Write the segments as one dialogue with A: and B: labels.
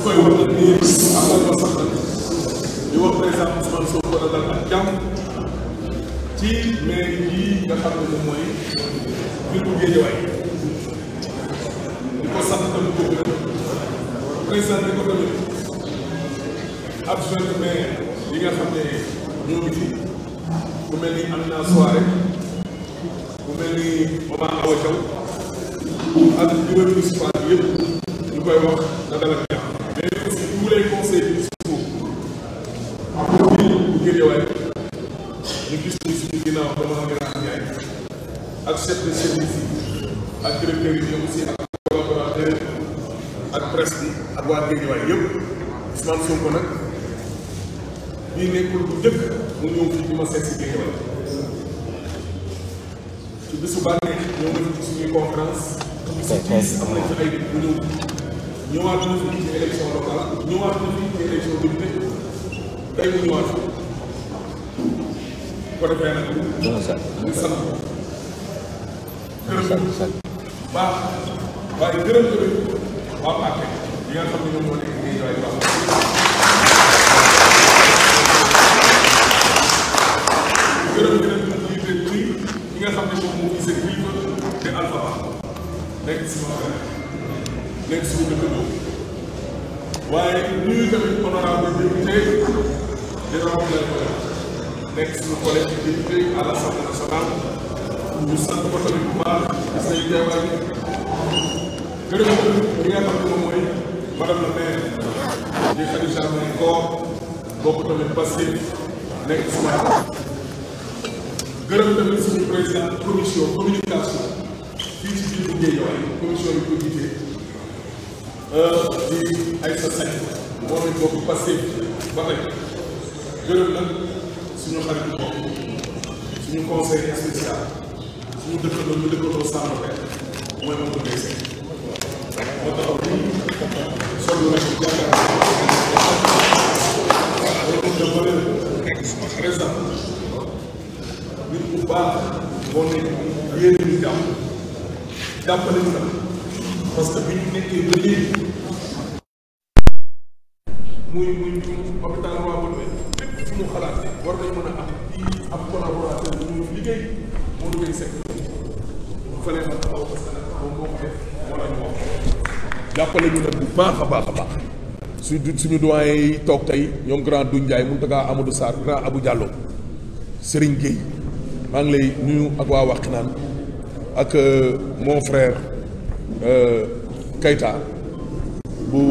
A: ñu koy wax nag nii am na ñoo sax nag di wax président Ousmane Sonko la dal ak ci maire yi nga xam ne moom mooy mbir bu Géejawaay di ko sax tamit ko gërëm président nga xam ne ñoo ngi fi ku mel ni am naa soirée ku mel ni Omar Awa Thiaw ak bureau municipal bi yëpp ñu koy wax chef de service yi ak directeur yi aussi ak collaborateur ak presse bi ak waa Guédiawaye yëpp Ousmane Sonko nag bii nekkul bu njëkk mu ñëw fii di ma seet si Guédiawaye ci bisu bànneex ñëw na ci suñuy conférence bisu tiis am na ci ay nit bu ñëw ñëwaat na fii ci élection locale ñëwaat na fii ci élection député day mu ñëwaat ko defee nag ñu sant gërëm baax waaye gërëm tamit waa Mbacké yi nga xam ne ñoom moo nekk nii waaye baax gërëm gërëm ñi dégg nii ñi nga xam ne moom moo gisee kilifa te Alpha Ba nekk si ma nekk si dëkkandoo waaye nuyu tamit honorable député dina wax leen nekk suñu collègue député à l'Assemblée nationale ñu sant ko tamit bu baax ci say teewaay gërëm li nga xam ne moom mooy madame la maire di Khady Diagne Ngor bokk tamit Pastef nekk sama gërëm tamit suñu président commission communication fii ci biir commission yi ko jiite di Aïssa Seck moom it bokk Pastef ba tey gërëm nag suñu xarit bokk suñu conseil spécial mu dëkkandoo mu dëkkandoo sàmm rek mooy moom du dese moo tax lii solo la ci jàngat loolu da ma leen présent nit bu baax boo ne yéene ñu jàpp jàppale ñu nag parce que bi ñu nekkee ba léegi muy muy hôpital Roi Baudouin lépp fu mu xalaatee war nañ mën a am kii am collaborateur bu ñu liggéey moo jàppale ñu nag bu baax a baax a baax su suñu doyen toog tey ñoom grand Doudou Ndiaye Mountaga amalu Sarr grand Abou Diallo Serigne Gueye maa ngi lay nuyu ak waa Waxinaan ak euh, mon frère euh, Keita bu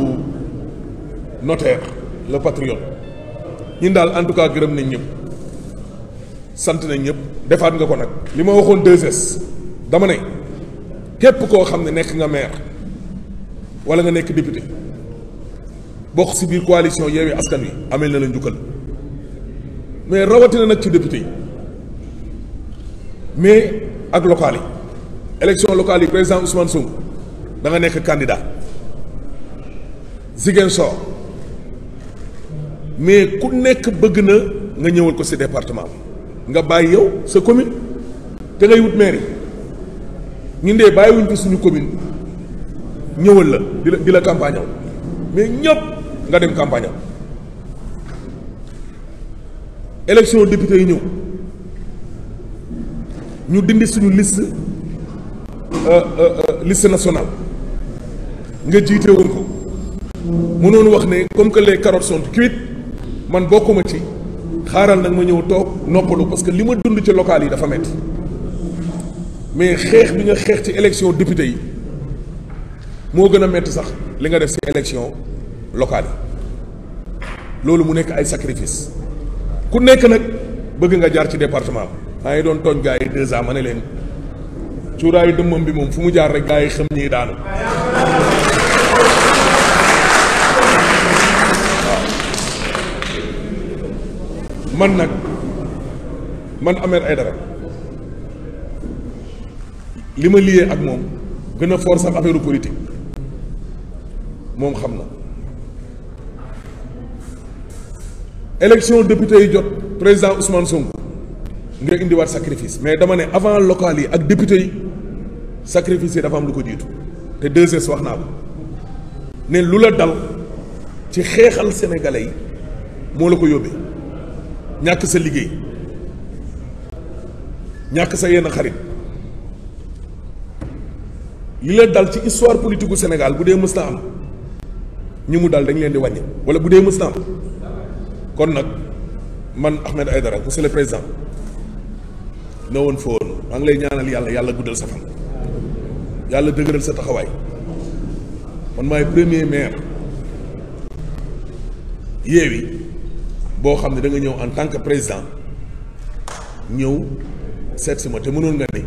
A: notaire le patriote ñun daal en tout cas gërëm nañ ñëpp. sant nañ ñëpp defaat nga ko nag li ma waxoon 2S dama ne képp koo xam ne nekk nga maire wala nga nekk député bokk ci biir coalition Yewwi Askan Wi amel na la njukkal mais rawatina nag ci député mais ak locales yi élection locale yi président Ousmane Sonko da nga nekk candidat Ziguinchor mais ku nekk bëgg na nga ñëwal ko ci département bi nga bàyyi yow sa commune te ngay wut mairie ñun de bàyyiwuñ ko suñu commune ñëwal la di la di la campagne mais ñëpp nga dem campagne aw élection député yi ñëw ñu dindi suñu liste euh, euh, euh, liste nationale nga jiite woon ko mënoon wax ne comme que les carottes sont cuites man bokkuma ci. xaaral nag ma ñëw toog noppalu parce que li ma dund ci local yi dafa metti mais xeex bi nga xeex ci élection député yi moo gën a metti sax li nga def ci élection locale yi loolu mu nekk ay sacrifice ku nekk nag bëgg nga jaar ci département maa ngi doon tooñ gars yi deux ma ne leen cuuraayu dëmmam bi moom fu mu jaar rek gars yi xam ñii daanu man nag man Ahmed Aidara li ma liyee ak moom gën a force sax affaire politique moom xam na élection député yi jot président Ousmane Sonko nga indiwaat sacrifice mais dama ne avant locale yi ak député yi sacrifice yi dafa am lu ko jiitu te 2 wax naa ko ne lu la dal ci xeexal sénégalais yi moo la ko yóbbee ñàkk sa liggéey ñàkk sa yenn xarit li la dal ci histoire politiku gu Sénégal bu dee mës na am ñi mu dal dañ leen di wàññi wala bu dee mës na am kon nag man Ahmed Aïdara monsieur le président ne woon fa maa ngi lay ñaanal yàlla yàlla guddal sa fan yàlla dëgëral sa taxawaay man maay premier maire Yewwi boo xam ne da nga ñëw en tant que président ñëw seet si ma te mënoon nga ne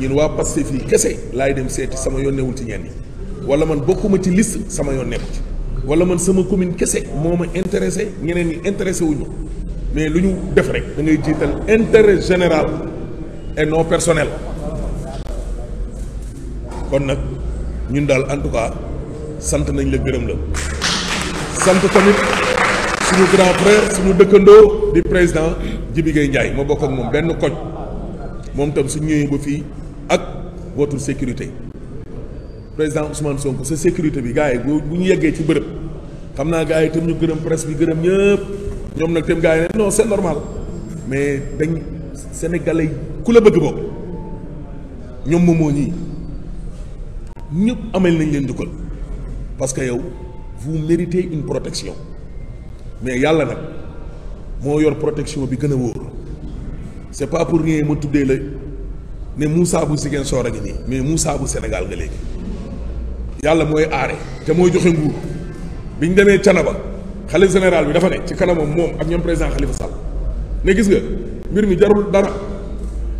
A: ñun waa Pastef yi kese laay dem seeti sama yoon newul ci ñenn yi wala man bokkuma ci list sama yoon nekku ci wala man sama commune kese moo ma intéressé ñeneen ñi intéressé wuñu mais lu ñu def rek da ngay jiital intérêt général et non personnel kon nag ñun daal en tout cas sant nañ la gërëm la sant tamit suñu grand frère suñu dëkkandoo di président Jibi Gueye Ndiaye ma bokk ak moom benn koñ moom tam suñu ñëwee ba fii ak votre sécurité président Ousmane Sonko sa sécurité bi gars bu ñu yeggee ci bërëb xam naa gars yi tam ñu gërëm presse bi gërëm ñëpp ñoom nag tam gars yi ne non c'est normal mais dañ sénégalais ku la bëgg boobu ñoom moom moo ñii ñëpp amel nañ leen njukkal parce que yow vous méritez une protection mais yàlla nag moo yor protection bi gën a wóor c'est pas pour rien ma tuddee la ne Moussa bu Ziguinchor a ngi nii mais Moussa bu Sénégal nga léegi yàlla mooy aare te mooy joxe nguur bi ñu demee Canaba xalifa général bi dafa ne ci kanamam moom ak ñoom président Khalifa Sall ne gis nga mbir mi jarul dara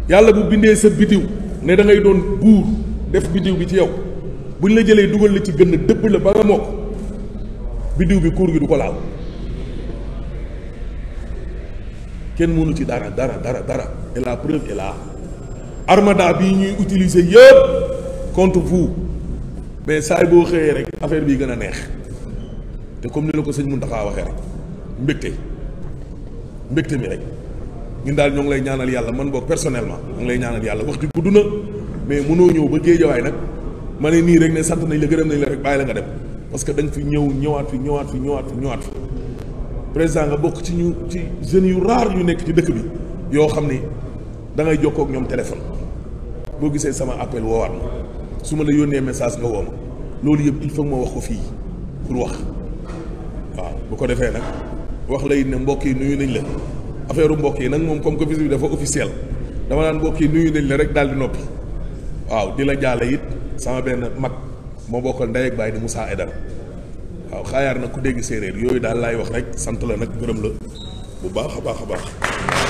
A: yàlla bu bindee sa biddiw ne da doon buur def biddiw bi ci yow buñ la jëlee dugal la ci gën a dëbb la ba nga mokk biddiw bi kuur gi du ko laal. kenn mënu ci dara dara dara dara et la preuve est là armada bi ñuy utiliser yëpp contre vous mais saay boo xëyee rek affaire bi gën a neex te comme ni la ko sëñ Mountakha waxee rek mbégte mbégte mi rek ñun daal ñoo ngi lay ñaanal yàlla man boog personnellement ñoo ngi lay ñaanal yàlla wax ji gudd na mais mënoo ñëw ba géejawaay nag ma ne nii rek ne sant nañ la gërëm nañ la rek bàyyi la nga dem parce que da nga fi ñëw ñëwaat fi ñëwaat fi ñëwaat fi ñëwaat fi président nga bokk ci ñu ci jeunes yu raar yu nekk ci dëkk bi yoo xam ni da ngay jokkoo ak ñoom téléphone boo gisee sama appel woowaat ma su ma la yónnee message nga woo ma loolu yëpp il faut ma wax ko fii pour wax waaw bu ko defee nag wax la yit ne mbokk yi nuyu nañ la affaire mbokk yi nag moom comme que visite bi dafa officiel dama naan mbokk yi nuyu nañ la rek daal di noppi waaw di la jaalo it sama benn mag moo bokkal ndey ak baay di Moussa Edara waaw xaayaar na ku dégg séeréer yooyu daal laay wax rek sant la nag gërëm la bu baax a baax a baax